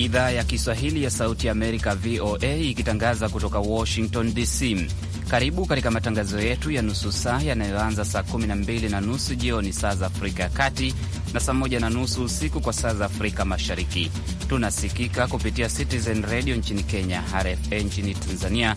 idhaa ya Kiswahili ya Sauti ya Amerika, VOA, ikitangaza kutoka Washington DC. Karibu katika matangazo yetu ya nusu saa yanayoanza saa 12 na nusu jioni saa za Afrika ya Kati na saa 1 na nusu usiku kwa saa za Afrika Mashariki. Tunasikika kupitia Citizen Radio nchini Kenya, RFA nchini Tanzania,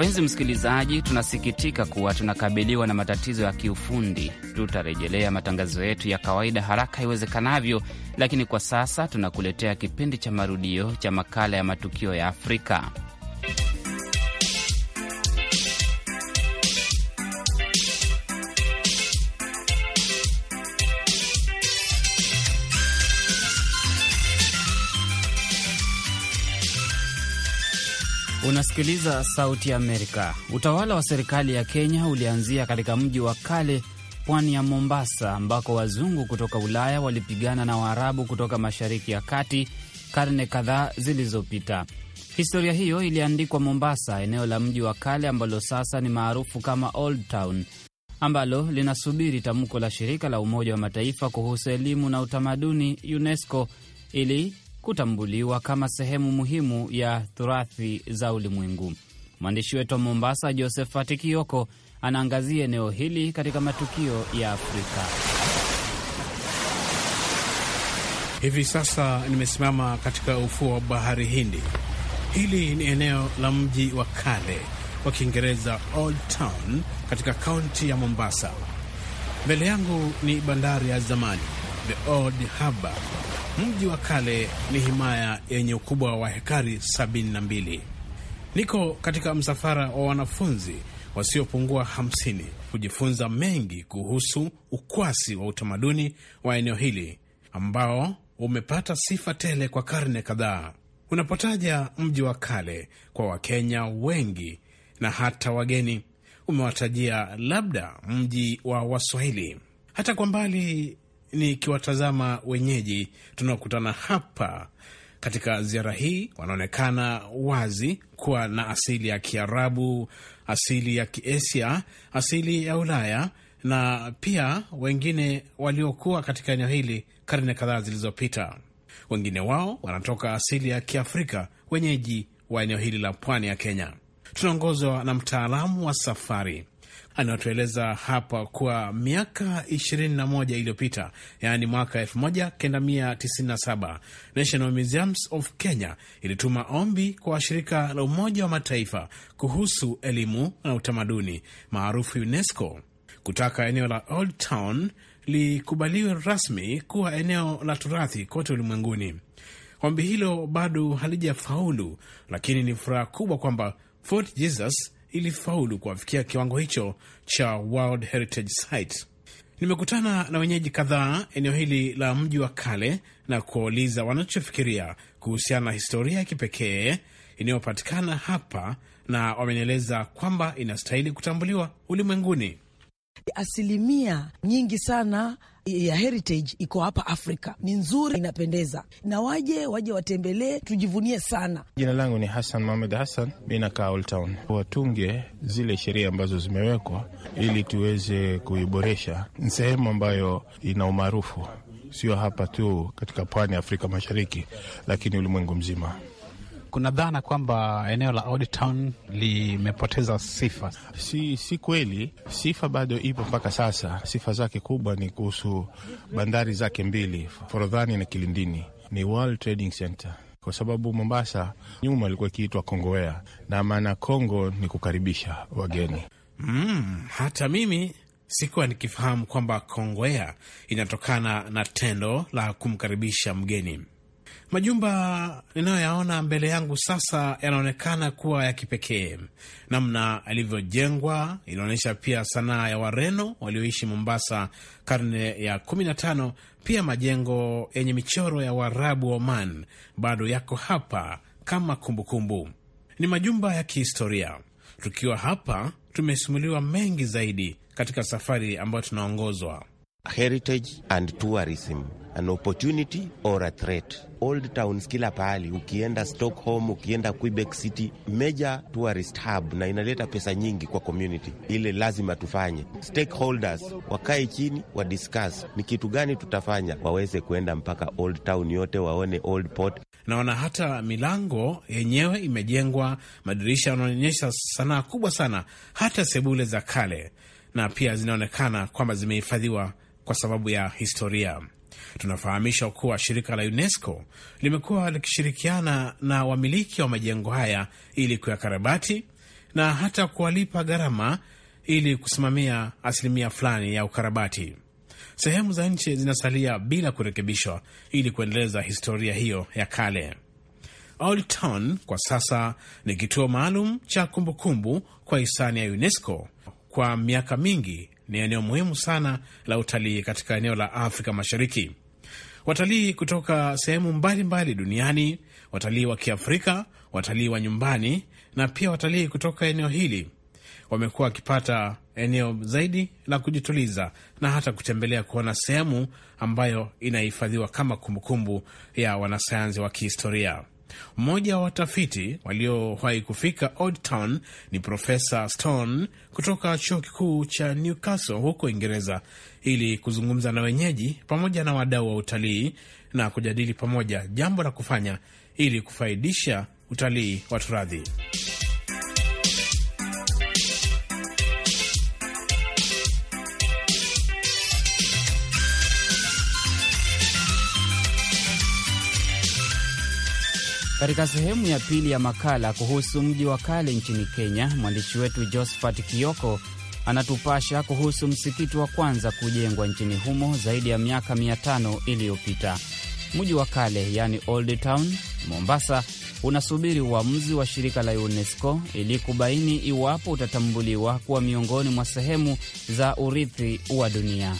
Mpenzi msikilizaji, tunasikitika kuwa tunakabiliwa na matatizo ya kiufundi. Tutarejelea matangazo yetu ya kawaida haraka iwezekanavyo, lakini kwa sasa tunakuletea kipindi cha marudio cha makala ya matukio ya Afrika. Unasikiliza Sauti ya Amerika. Utawala wa serikali ya Kenya ulianzia katika mji wa kale pwani ya Mombasa, ambako wazungu kutoka Ulaya walipigana na Waarabu kutoka Mashariki ya Kati karne kadhaa zilizopita. Historia hiyo iliandikwa Mombasa, eneo la mji wa kale ambalo sasa ni maarufu kama Old Town, ambalo linasubiri tamko la shirika la Umoja wa Mataifa kuhusu elimu na utamaduni, UNESCO, ili kutambuliwa kama sehemu muhimu ya turathi za ulimwengu. Mwandishi wetu wa Mombasa, Josephat Kioko, anaangazia eneo hili katika matukio ya Afrika. Hivi sasa nimesimama katika ufuo wa bahari Hindi. Hili ni eneo la mji wa kale wa Kiingereza, Old Town, katika kaunti ya Mombasa. Mbele yangu ni bandari ya zamani, the Old Harbour Mji wa kale ni himaya yenye ukubwa wa hekari 72. Niko katika msafara wa wanafunzi wasiopungua 50 kujifunza mengi kuhusu ukwasi wa utamaduni wa eneo hili ambao umepata sifa tele kwa karne kadhaa. Unapotaja mji wa kale kwa Wakenya wengi na hata wageni, umewatajia labda mji wa Waswahili. Hata kwa mbali nikiwatazama wenyeji tunaokutana hapa katika ziara hii wanaonekana wazi kuwa na asili ya Kiarabu, asili ya Kiasia, asili ya Ulaya na pia wengine waliokuwa katika eneo hili karne kadhaa zilizopita. Wengine wao wanatoka asili ya Kiafrika, wenyeji wa eneo hili la pwani ya Kenya. Tunaongozwa na mtaalamu wa safari anayotueleza hapa kwa miaka 21 iliyopita, yaani mwaka 1997 National Museums of Kenya ilituma ombi kwa shirika la Umoja wa Mataifa kuhusu elimu na utamaduni maarufu UNESCO kutaka eneo la Old Town likubaliwe rasmi kuwa eneo la turathi kote ulimwenguni. Ombi hilo bado halijafaulu, lakini ni furaha kubwa kwamba Fort Jesus ilifaulu kuwafikia kiwango hicho cha World Heritage Site. Nimekutana na wenyeji kadhaa eneo hili la mji wa kale na kuwauliza wanachofikiria kuhusiana na historia ya kipekee inayopatikana hapa, na wamenieleza kwamba inastahili kutambuliwa ulimwenguni. Asilimia nyingi sana ya heritage iko hapa Afrika, ni nzuri, inapendeza, na waje waje watembelee, tujivunie sana. Jina langu ni Hassan Mohamed Hassan, mi nakaa Old Town. Watunge zile sheria ambazo zimewekwa ili tuweze kuiboresha. Ni sehemu ambayo ina umaarufu, sio hapa tu katika pwani ya Afrika Mashariki, lakini ulimwengu mzima. Kuna dhana kwamba eneo la Old Town limepoteza sifa. Si, si kweli. Sifa bado ipo mpaka sasa. Sifa zake kubwa ni kuhusu bandari zake mbili, Forodhani na Kilindini, ni World Trading Center kwa sababu Mombasa nyuma ilikuwa ikiitwa Kongowea na maana Kongo ni kukaribisha wageni. Mm, hata mimi sikuwa nikifahamu kwamba Kongowea inatokana na tendo la kumkaribisha mgeni. Majumba ninayoyaona mbele yangu sasa yanaonekana kuwa ya kipekee. Namna yalivyojengwa inaonyesha pia sanaa ya Wareno walioishi Mombasa karne ya 15. Pia majengo yenye michoro ya Waarabu wa Oman bado yako hapa kama kumbukumbu kumbu. Ni majumba ya kihistoria. Tukiwa hapa tumesimuliwa mengi zaidi katika safari ambayo tunaongozwa heritage and tourism an opportunity or a threat. Old towns kila pahali, ukienda Stockholm, ukienda Quebec City, major tourist hub, na inaleta pesa nyingi kwa community ile. Lazima tufanye stakeholders wakae chini wa discuss ni kitu gani tutafanya, waweze kuenda mpaka old town yote waone old port. Naona hata milango yenyewe imejengwa, madirisha yanaonyesha sanaa kubwa sana, hata sebule za kale, na pia zinaonekana kwamba zimehifadhiwa kwa sababu ya historia. Tunafahamisha kuwa shirika la UNESCO limekuwa likishirikiana na wamiliki wa majengo haya ili kuyakarabati na hata kuwalipa gharama ili kusimamia asilimia fulani ya ukarabati. Sehemu za nchi zinasalia bila kurekebishwa ili kuendeleza historia hiyo ya kale. Old Town kwa sasa ni kituo maalum cha kumbukumbu kwa hisani ya UNESCO kwa miaka mingi ni eneo muhimu sana la utalii katika eneo la Afrika Mashariki. Watalii kutoka sehemu mbalimbali duniani, watalii wa Kiafrika, watalii wa nyumbani na pia watalii kutoka eneo hili wamekuwa wakipata eneo zaidi la kujituliza na hata kutembelea kuona sehemu ambayo inahifadhiwa kama kumbukumbu ya wanasayansi wa kihistoria. Mmoja wa watafiti waliowahi kufika Old Town ni Profesa Stone kutoka chuo kikuu cha Newcastle huko Uingereza, ili kuzungumza na wenyeji pamoja na wadau wa utalii na kujadili pamoja jambo la kufanya ili kufaidisha utalii wa turadhi. Katika sehemu ya pili ya makala kuhusu mji wa kale nchini Kenya, mwandishi wetu Josephat Kioko anatupasha kuhusu msikiti wa kwanza kujengwa nchini humo zaidi ya miaka mia tano iliyopita. Mji wa kale yani Old Town Mombasa unasubiri uamuzi wa shirika la UNESCO ili kubaini iwapo utatambuliwa kuwa miongoni mwa sehemu za urithi wa dunia.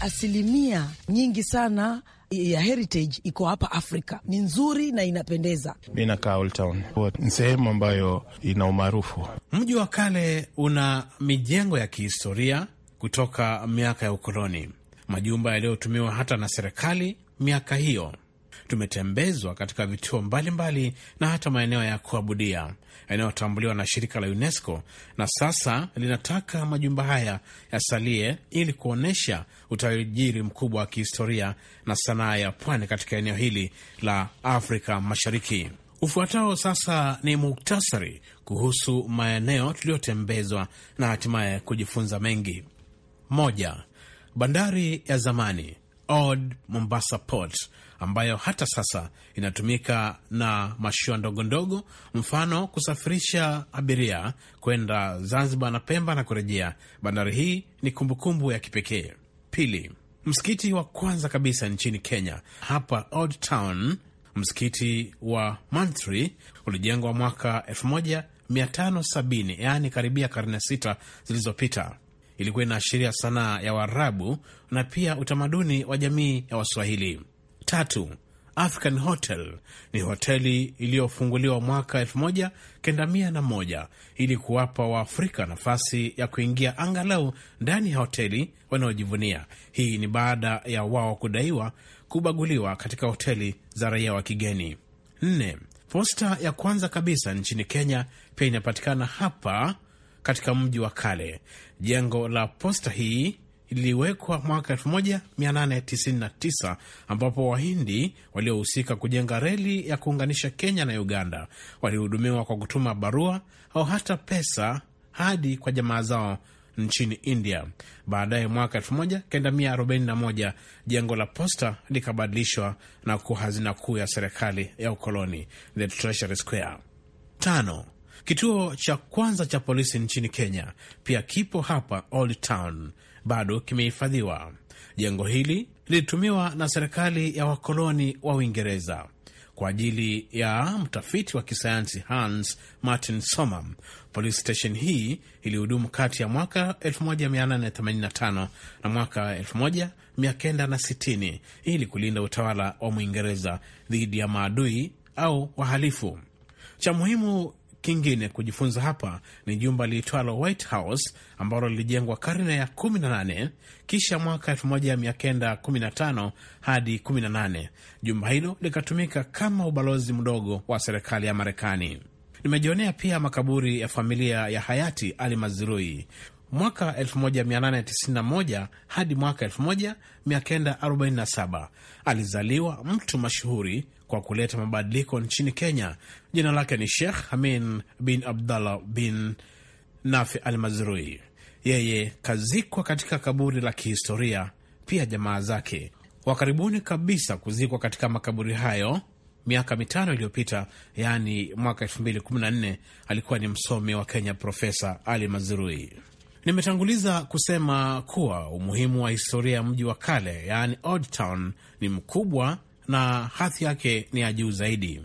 Asilimia nyingi sana ya heritage iko hapa Afrika ni nzuri na inapendeza. Mi nakaa Old Town, ni sehemu ambayo ina umaarufu. Mji wa kale una mijengo ya kihistoria kutoka miaka ya ukoloni, majumba yaliyotumiwa hata na serikali miaka hiyo. Tumetembezwa katika vituo mbalimbali mbali na hata maeneo ya kuabudia yanayotambuliwa na shirika la UNESCO na sasa linataka majumba haya yasalie ili kuonyesha utajiri mkubwa wa kihistoria na sanaa ya pwani katika eneo hili la Afrika Mashariki. Ufuatao sasa ni muktasari kuhusu maeneo tuliyotembezwa na hatimaye kujifunza mengi. Moja, bandari ya zamani Old Mombasa Port ambayo hata sasa inatumika na mashua ndogo ndogo, mfano kusafirisha abiria kwenda Zanzibar na Pemba na kurejea. Bandari hii ni kumbukumbu ya kipekee. Pili, msikiti wa kwanza kabisa nchini Kenya hapa Old Town, msikiti wa Mantri ulijengwa mwaka 1570 yaani karibia karne sita zilizopita ilikuwa inaashiria sanaa ya Waarabu na pia utamaduni wa jamii ya Waswahili. Tatu, African Hotel ni hoteli iliyofunguliwa mwaka 1k1 ili kuwapa Waafrika nafasi ya kuingia angalau ndani ya hoteli wanaojivunia. Hii ni baada ya wao kudaiwa kubaguliwa katika hoteli za raia wa kigeni. Nne, posta ya kwanza kabisa nchini Kenya pia inapatikana hapa katika mji wa kale. Jengo la posta hii liliwekwa mwaka 1899 ambapo Wahindi waliohusika kujenga reli ya kuunganisha Kenya na Uganda walihudumiwa kwa kutuma barua au hata pesa hadi kwa jamaa zao nchini India. Baadaye mwaka 1941 jengo la posta likabadilishwa na kuwa hazina kuu ya serikali ya ukoloni, the Treasury Square. Tano, Kituo cha kwanza cha polisi nchini Kenya pia kipo hapa Old Town, bado kimehifadhiwa. Jengo hili lilitumiwa na serikali ya wakoloni wa Uingereza kwa ajili ya mtafiti wa kisayansi Hans Martin Somam. Polisi station hii ilihudumu kati ya mwaka 1885 na mwaka 1960 ili kulinda utawala wa Mwingereza dhidi ya maadui au wahalifu. Cha muhimu Kingine kujifunza hapa ni jumba liitwalo White House ambalo lilijengwa karne ya 18 kisha mwaka 1915 hadi 18 jumba hilo likatumika kama ubalozi mdogo wa serikali ya Marekani. Nimejionea pia makaburi ya familia ya hayati Ali Mazirui mwaka 1891 hadi mwaka 1947. Alizaliwa mtu mashuhuri kwa kuleta mabadiliko nchini Kenya. Jina lake ni Sheikh Hamin bin Abdallah bin Nafi Al Mazrui. Yeye kazikwa katika kaburi la kihistoria, pia jamaa zake wa karibuni kabisa kuzikwa katika makaburi hayo miaka mitano iliyopita, yaani mwaka nne Alikuwa ni msomi wa Kenya, Profesa Ali Mazrui. Nimetanguliza kusema kuwa umuhimu wa historia ya mji wa kale, yaani Old Town, ni mkubwa na hadhi yake ni ya juu zaidi.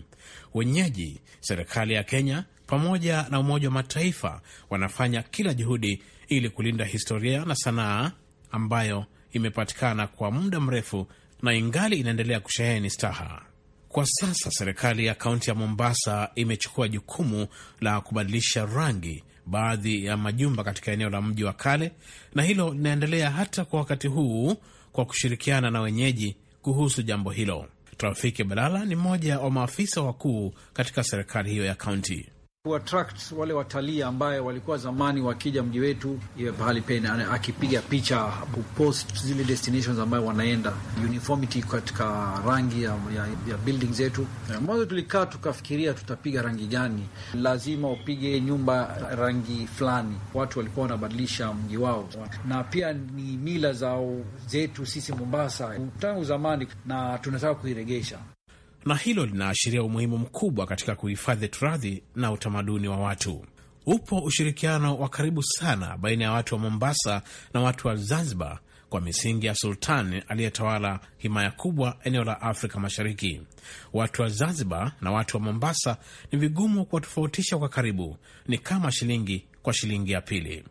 Wenyeji, serikali ya Kenya pamoja na Umoja wa Mataifa wanafanya kila juhudi ili kulinda historia na sanaa ambayo imepatikana kwa muda mrefu na ingali inaendelea kusheheni staha. Kwa sasa serikali ya kaunti ya Mombasa imechukua jukumu la kubadilisha rangi baadhi ya majumba katika eneo la mji wa kale, na hilo linaendelea hata kwa wakati huu kwa kushirikiana na wenyeji kuhusu jambo hilo. Trafiki Balala ni mmoja wa maafisa wakuu katika serikali hiyo ya kaunti kuattract wale watalii ambaye walikuwa zamani wakija mji wetu, iwe pahali pene akipiga picha kupost zile destinations ambayo wanaenda, uniformity katika rangi ya, ya, ya building zetu. Eh, mwanzo tulikaa tukafikiria tutapiga rangi gani, lazima upige nyumba rangi fulani. Watu walikuwa wanabadilisha mji wao, na pia ni mila zao zetu sisi Mombasa tangu zamani, na tunataka kuiregesha na hilo linaashiria umuhimu mkubwa katika kuhifadhi turathi na utamaduni wa watu. Upo ushirikiano wa karibu sana baina ya watu wa Mombasa na watu wa Zanzibar kwa misingi ya sultani aliyetawala himaya kubwa eneo la Afrika Mashariki. Watu wa Zanzibar na watu wa Mombasa ni vigumu kuwatofautisha kwa karibu, ni kama shilingi kwa shilingi ya pili.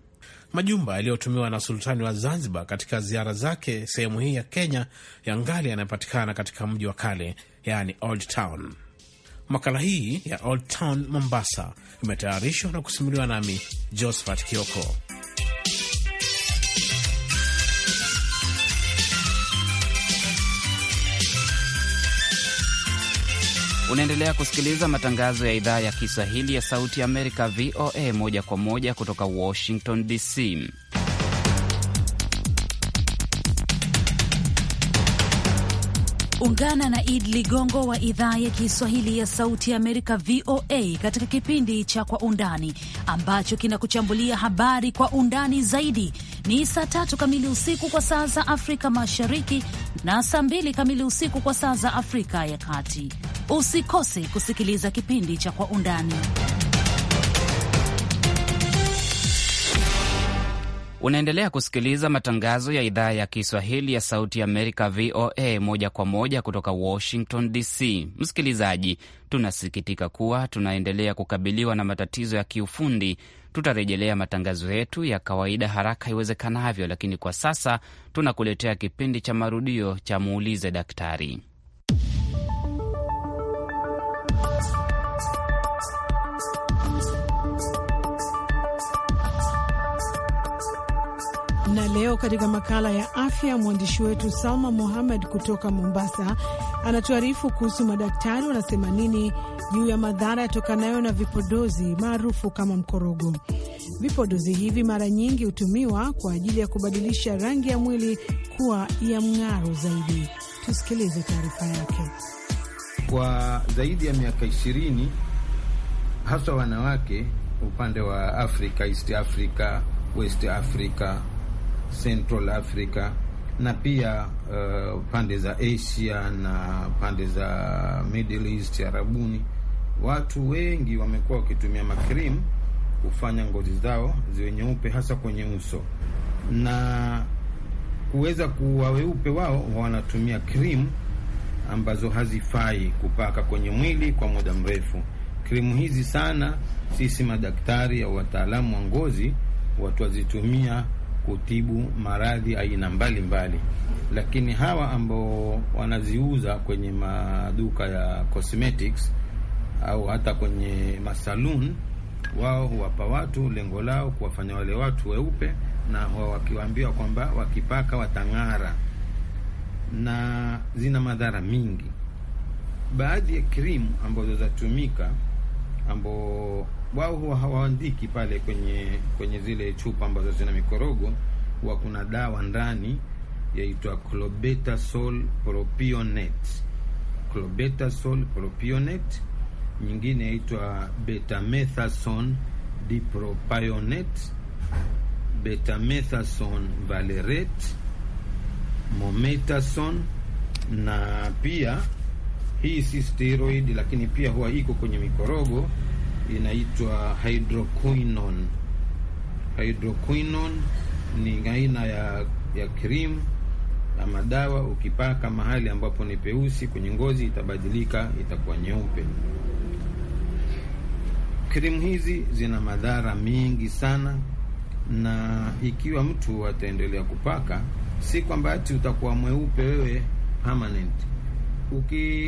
Majumba yaliyotumiwa na sultani wa Zanzibar katika ziara zake sehemu hii ya Kenya ya ngali yanayopatikana katika mji wa kale yani Old Town. Makala hii ya Old Town Mombasa imetayarishwa na kusimuliwa nami Josephat Kioko. Unaendelea kusikiliza matangazo ya idhaa ya Kiswahili ya Sauti ya Amerika, VOA, moja kwa moja kutoka Washington DC. Ungana na Id Ligongo wa idhaa ya Kiswahili ya Sauti ya Amerika, VOA, katika kipindi cha Kwa Undani ambacho kinakuchambulia habari kwa undani zaidi. Ni saa tatu kamili usiku kwa saa za Afrika Mashariki na saa mbili kamili usiku kwa saa za Afrika ya Kati. Usikose kusikiliza kipindi cha Kwa Undani. Unaendelea kusikiliza matangazo ya idhaa ya Kiswahili ya Sauti ya Amerika, VOA, moja kwa moja kutoka Washington DC. Msikilizaji, tunasikitika kuwa tunaendelea kukabiliwa na matatizo ya kiufundi. Tutarejelea matangazo yetu ya kawaida haraka iwezekanavyo, lakini kwa sasa tunakuletea kipindi cha marudio cha Muulize Daktari. leo katika makala ya afya, mwandishi wetu Salma Mohamed kutoka Mombasa anatuarifu kuhusu madaktari wanasema nini juu ya madhara yatokanayo na vipodozi maarufu kama mkorogo. Vipodozi hivi mara nyingi hutumiwa kwa ajili ya kubadilisha rangi ya mwili kuwa ya mng'aro zaidi. Tusikilize taarifa yake. Kwa zaidi ya miaka ishirini, hasa wanawake upande wa Afrika, East Africa, West Africa Central Africa na pia uh, pande za Asia na pande za Middle East Arabuni, watu wengi wamekuwa wakitumia makrim kufanya ngozi zao ziwe nyeupe, hasa kwenye uso na kuweza kuwa weupe. Wao wanatumia krimu ambazo hazifai kupaka kwenye mwili kwa muda mrefu. Krimu hizi sana sisi madaktari au wataalamu wa ngozi watu wazitumia kutibu maradhi aina mbalimbali, lakini hawa ambao wanaziuza kwenye maduka ya cosmetics au hata kwenye masalun, wao huwapa watu, lengo lao kuwafanya wale watu weupe, na wakiwaambiwa kwamba wakipaka watang'ara, na zina madhara mingi. Baadhi ya krimu ambazo zatumika ambao wao huwa hawaandiki pale kwenye kwenye zile chupa ambazo zina mikorogo, huwa kuna dawa ndani yaitwa clobetasol propionate, clobetasol propionate, nyingine yaitwa betamethasone dipropionate, betamethasone valerate, mometasone na pia hii si steroid, lakini pia huwa iko kwenye mikorogo inaitwa hydroquinone. Hydroquinone ni aina ya, ya krimu na madawa ukipaka mahali ambapo ni peusi kwenye ngozi itabadilika, itakuwa nyeupe. Krimu hizi zina madhara mengi sana, na ikiwa mtu ataendelea kupaka, si kwamba ati utakuwa mweupe wewe permanent.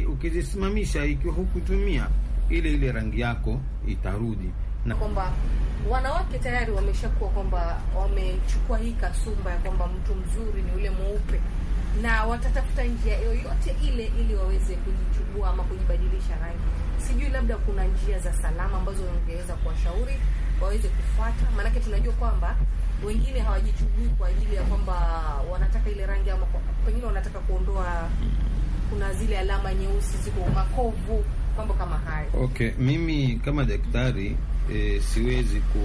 Ukizisimamisha, ikiwa hukutumia ile ile rangi yako itarudi na kwamba wanawake tayari wameshakuwa kwamba wamechukua hii kasumba ya kwamba mtu mzuri ni ule mweupe, na watatafuta njia yoyote ile ili waweze kujichubua ama kujibadilisha rangi. Sijui labda kuna njia za salama ambazo ungeweza kuwashauri waweze kufuata, maanake tunajua kwamba wengine hawajichubui kwa ajili ya kwamba wanataka ile rangi, ama pengine wanataka kuondoa, kuna zile alama nyeusi ziko makovu mambo kama hayo. Okay, mimi kama daktari e, siwezi ku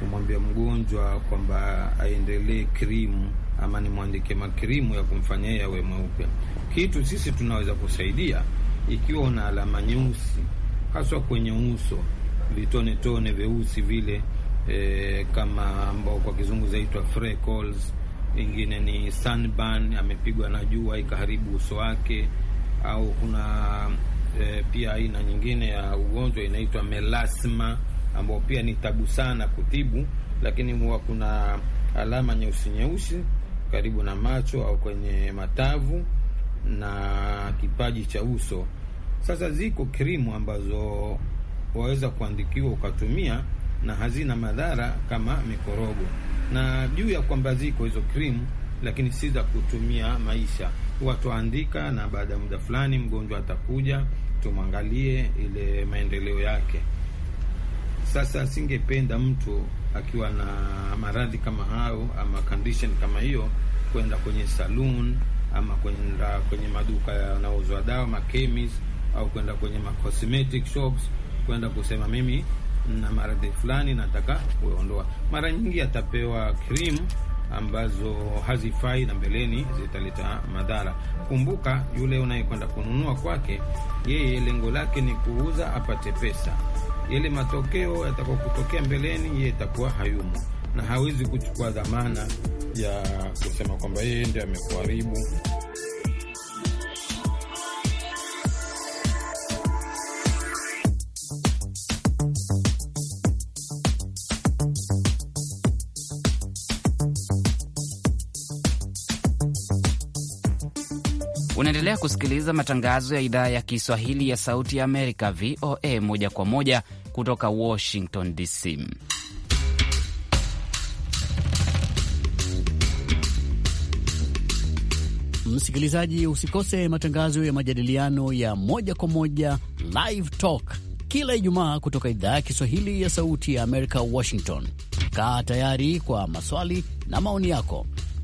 kumwambia mgonjwa kwamba aendelee krimu ama nimwandike makrimu ya kumfanya yeye awe mweupe. Kitu sisi tunaweza kusaidia ikiwa una alama nyeusi, haswa kwenye uso, vitone tone vyeusi vile e, kama ambao kwa kizungu zaitwa freckles, ingine ni sunburn, amepigwa na jua ikaharibu uso wake, au kuna E, pia aina nyingine ya ugonjwa inaitwa melasma ambao pia ni tabu sana kutibu, lakini huwa kuna alama nyeusi nyeusi karibu na macho au kwenye matavu na kipaji cha uso. Sasa ziko krimu ambazo waweza kuandikiwa ukatumia na hazina madhara kama mikorogo, na juu ya kwamba ziko hizo krimu, lakini si za kutumia maisha. Watu waandika, na baada ya muda fulani mgonjwa atakuja tumwangalie ile maendeleo yake. Sasa singependa mtu akiwa na maradhi kama hayo ama condition kama hiyo kwenda kwenye saloon ama kwenda kwenye maduka yanayouzwa dawa ma chemist, au kwenda kwenye ma cosmetic shops kwenda kusema mimi na maradhi fulani nataka kuondoa. Mara nyingi atapewa cream ambazo hazifai na mbeleni zitaleta madhara. Kumbuka, yule unayekwenda kununua kwake, yeye lengo lake ni kuuza apate pesa. Yale matokeo yatakuwa kutokea mbeleni, yeye itakuwa hayumo na hawezi kuchukua dhamana ya kusema kwamba yeye ndio amekuharibu. Unaendelea kusikiliza matangazo ya idhaa ya Kiswahili ya Sauti ya Amerika, VOA, moja kwa moja kutoka Washington DC. Msikilizaji, usikose matangazo ya majadiliano ya moja kwa moja, Live Talk, kila Ijumaa kutoka idhaa ya Kiswahili ya Sauti ya Amerika, Washington. Kaa tayari kwa maswali na maoni yako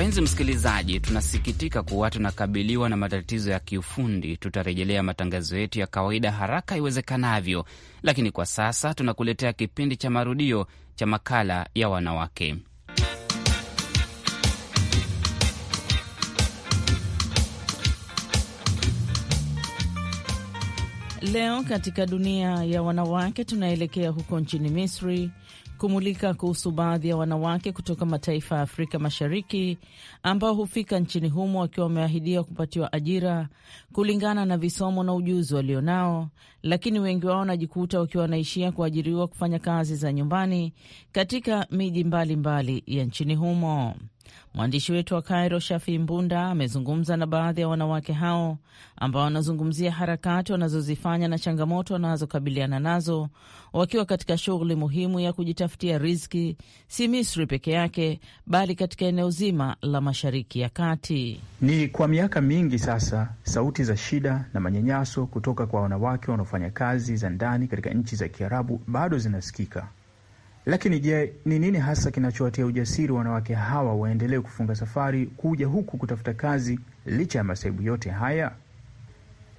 Mpenzi msikilizaji, tunasikitika kuwa tunakabiliwa na matatizo ya kiufundi. Tutarejelea matangazo yetu ya kawaida haraka iwezekanavyo, lakini kwa sasa tunakuletea kipindi cha marudio cha makala ya wanawake. Leo katika dunia ya wanawake tunaelekea huko nchini Misri kumulika kuhusu baadhi ya wanawake kutoka mataifa ya Afrika Mashariki ambao hufika nchini humo wakiwa wameahidiwa kupatiwa ajira kulingana na visomo na ujuzi walionao, lakini wengi wao wanajikuta wakiwa wanaishia kuajiriwa kufanya kazi za nyumbani katika miji mbalimbali ya nchini humo. Mwandishi wetu wa Kairo, Shafi Mbunda, amezungumza na baadhi ya wanawake hao ambao wanazungumzia harakati wanazozifanya na changamoto wanazokabiliana nazo wakiwa katika shughuli muhimu ya kujitafutia riziki, si Misri peke yake, bali katika eneo zima la Mashariki ya Kati. Ni kwa miaka mingi sasa, sauti za shida na manyanyaso kutoka kwa wanawake wanaofanya kazi za ndani katika nchi za Kiarabu bado zinasikika. Lakini je, ni nini hasa kinachowatia ujasiri wanawake hawa waendelee kufunga safari kuja huku kutafuta kazi licha ya masaibu yote haya?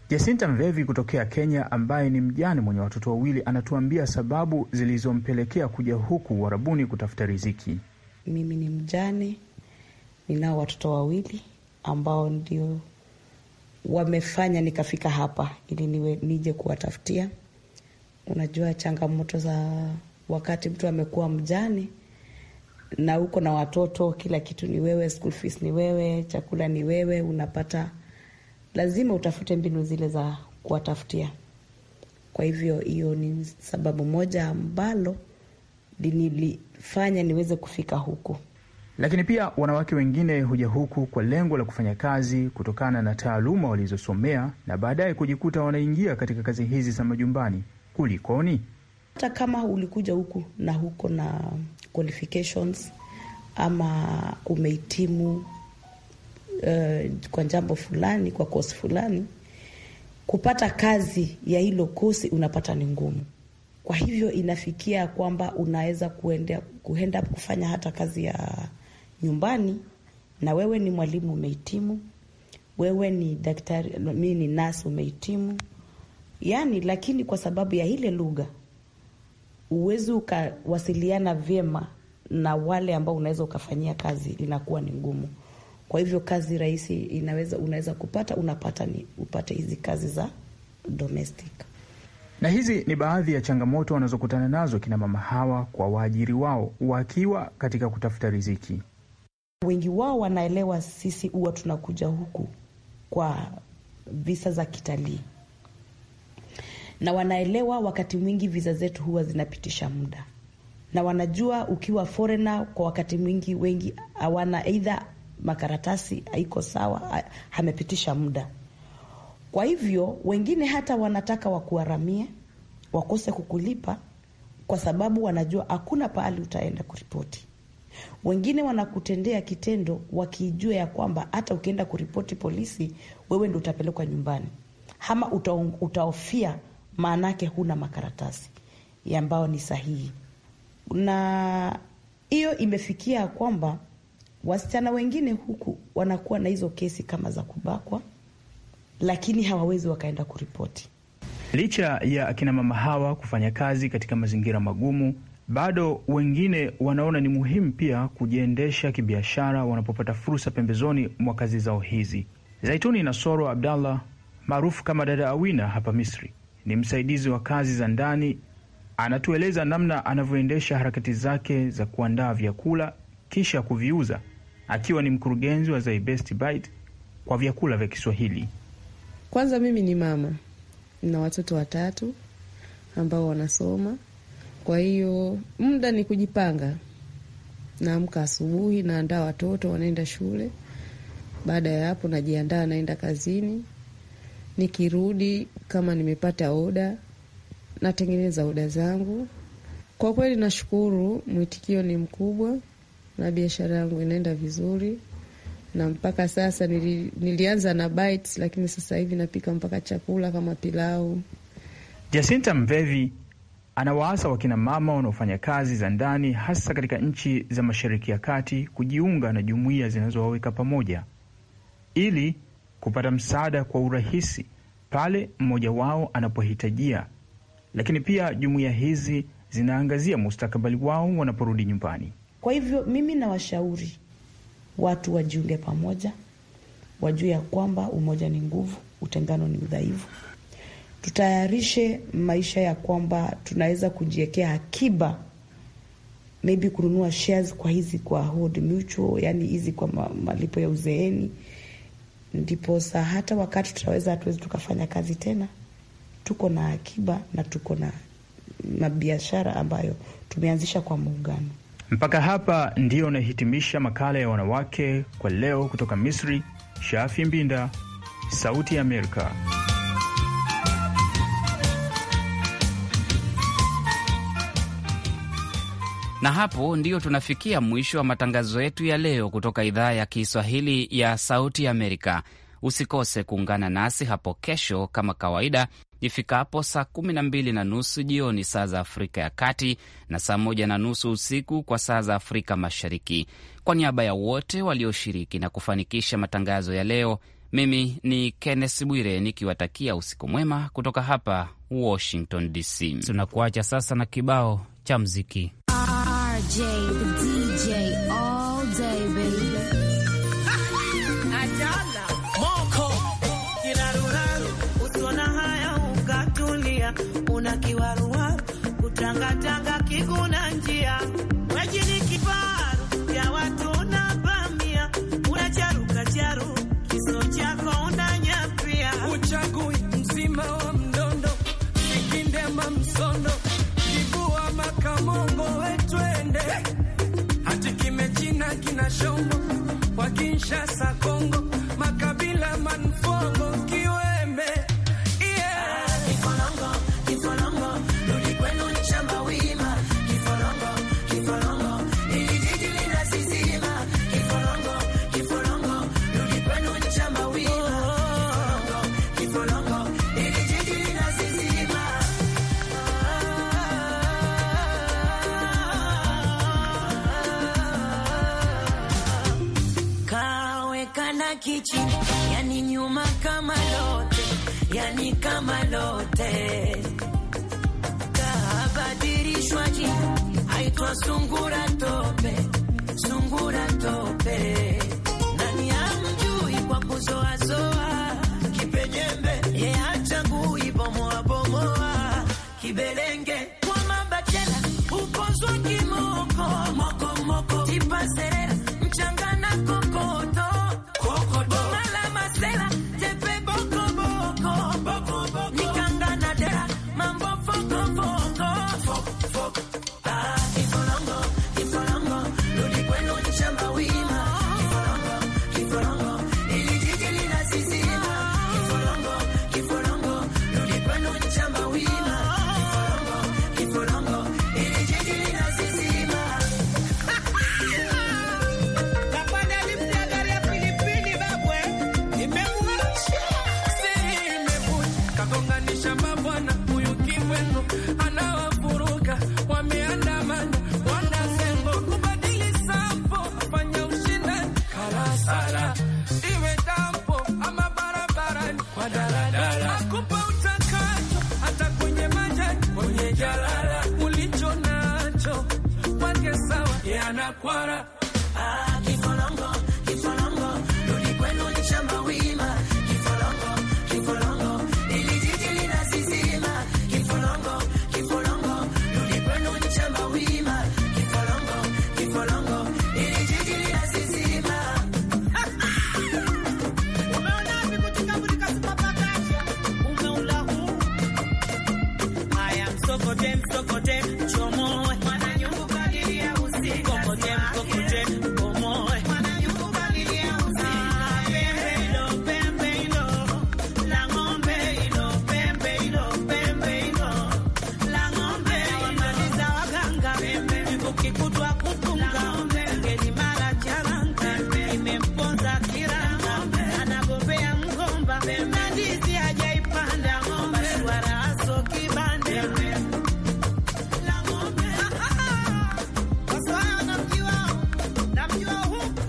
Jacinta Mvevi kutokea Kenya, ambaye ni mjane mwenye watoto wawili, anatuambia sababu zilizompelekea kuja huku Uarabuni kutafuta riziki. Mimi ni mjane, ninao watoto wawili ambao ndio wamefanya nikafika hapa, ili niwe nije kuwatafutia. Unajua changamoto za wakati mtu amekuwa mjane na uko na watoto, kila kitu ni wewe, school fees ni wewe, chakula ni wewe, unapata lazima utafute mbinu zile za kuwatafutia. Kwa hivyo hiyo ni sababu moja ambalo linilifanya niweze kufika huku. Lakini pia wanawake wengine huja huku kwa lengo la kufanya kazi kutokana na taaluma walizosomea na baadaye kujikuta wanaingia katika kazi hizi za majumbani. Kulikoni? Hata kama ulikuja huku na huko na qualifications ama umehitimu uh, kwa jambo fulani, kwa kosi fulani, kupata kazi ya hilo kosi unapata ni ngumu. Kwa hivyo inafikia kwamba unaweza kuenda, kuenda kufanya hata kazi ya nyumbani, na wewe ni mwalimu umehitimu, wewe ni daktari, mimi ni nasi umehitimu, yani, lakini kwa sababu ya ile lugha uwezi ukawasiliana vyema na wale ambao unaweza ukafanyia kazi, inakuwa ni ngumu. Kwa hivyo kazi rahisi inaweza unaweza kupata unapata ni upate hizi kazi za domestic. Na hizi ni baadhi ya changamoto wanazokutana nazo kina mama hawa kwa waajiri wao wakiwa katika kutafuta riziki. Wengi wao wanaelewa sisi huwa tunakuja huku kwa visa za kitalii na wanaelewa. Wakati mwingi viza zetu huwa zinapitisha muda, na wanajua ukiwa forena kwa wakati mwingi, wengi hawana eidha makaratasi haiko sawa, amepitisha muda. Kwa hivyo wengine hata wanataka wakuharamie, wakose kukulipa kwa sababu wanajua hakuna pahali utaenda kuripoti. Wengine wanakutendea kitendo wakijua ya kwamba hata ukienda kuripoti polisi, wewe ndo utapelekwa nyumbani ama utaofia maanake huna makaratasi ambayo ni sahihi, na hiyo imefikia kwamba wasichana wengine huku wanakuwa na hizo kesi kama za kubakwa, lakini hawawezi wakaenda kuripoti. Licha ya akinamama hawa kufanya kazi katika mazingira magumu, bado wengine wanaona ni muhimu pia kujiendesha kibiashara wanapopata fursa pembezoni mwa kazi zao hizi. Zaituni na soro Abdallah maarufu kama Dada Awina hapa Misri ni msaidizi wa kazi za ndani, anatueleza namna anavyoendesha harakati zake za kuandaa vyakula kisha kuviuza, akiwa ni mkurugenzi wa The Best Bite kwa vyakula vya Kiswahili. Kwanza mimi ni mama na watoto watatu ambao wanasoma, kwa hiyo muda ni kujipanga. Naamka asubuhi, naandaa watoto wanaenda shule. Baada ya hapo, najiandaa naenda kazini. Nikirudi kama nimepata oda, natengeneza oda zangu. Kwa kweli nashukuru, mwitikio ni mkubwa na biashara yangu inaenda vizuri, na mpaka sasa nili, nilianza na bites, lakini sasa hivi napika mpaka chakula kama pilau. Jacinta Mvevi anawaasa wakinamama wanaofanya kazi za ndani hasa katika nchi za Mashariki ya Kati kujiunga na jumuiya zinazowaweka pamoja ili kupata msaada kwa urahisi pale mmoja wao anapohitajia, lakini pia jumuiya hizi zinaangazia mustakabali wao wanaporudi nyumbani. Kwa hivyo mimi nawashauri watu wajiunge pamoja, wajue ya kwamba umoja ni nguvu, utengano ni udhaifu. Tutayarishe maisha ya kwamba tunaweza kujiwekea akiba, maybe kununua shares kwa hizi kwa Mutual, yani hizi kwa malipo ya uzeeni ndiposa hata wakati tutaweza, hatuwezi tukafanya kazi tena, tuko na akiba na tuko na mabiashara ambayo tumeanzisha kwa muungano. Mpaka hapa ndiyo unahitimisha makala ya wanawake kwa leo, kutoka Misri. Shafi Mbinda, Sauti ya Amerika. Na hapo ndiyo tunafikia mwisho wa matangazo yetu ya leo kutoka idhaa ya Kiswahili ya Sauti Amerika. Usikose kuungana nasi hapo kesho kama kawaida ifikapo saa kumi na mbili na nusu jioni saa za Afrika ya Kati na saa moja na nusu usiku kwa saa za Afrika Mashariki. Kwa niaba ya wote walioshiriki na kufanikisha matangazo ya leo, mimi ni Kenneth Bwire nikiwatakia usiku mwema kutoka hapa Washington DC. Tunakuacha sasa na kibao cha mziki. RJ, the DJ, all na shongo wa Kinshasa Kongo kitchen, yani nyuma kama lote, yani kama lote. Kabadirishwa jina, haitwa sungura tope, sungura tope. Nani amjui kwa kuzoazoa kipejembe, yeah.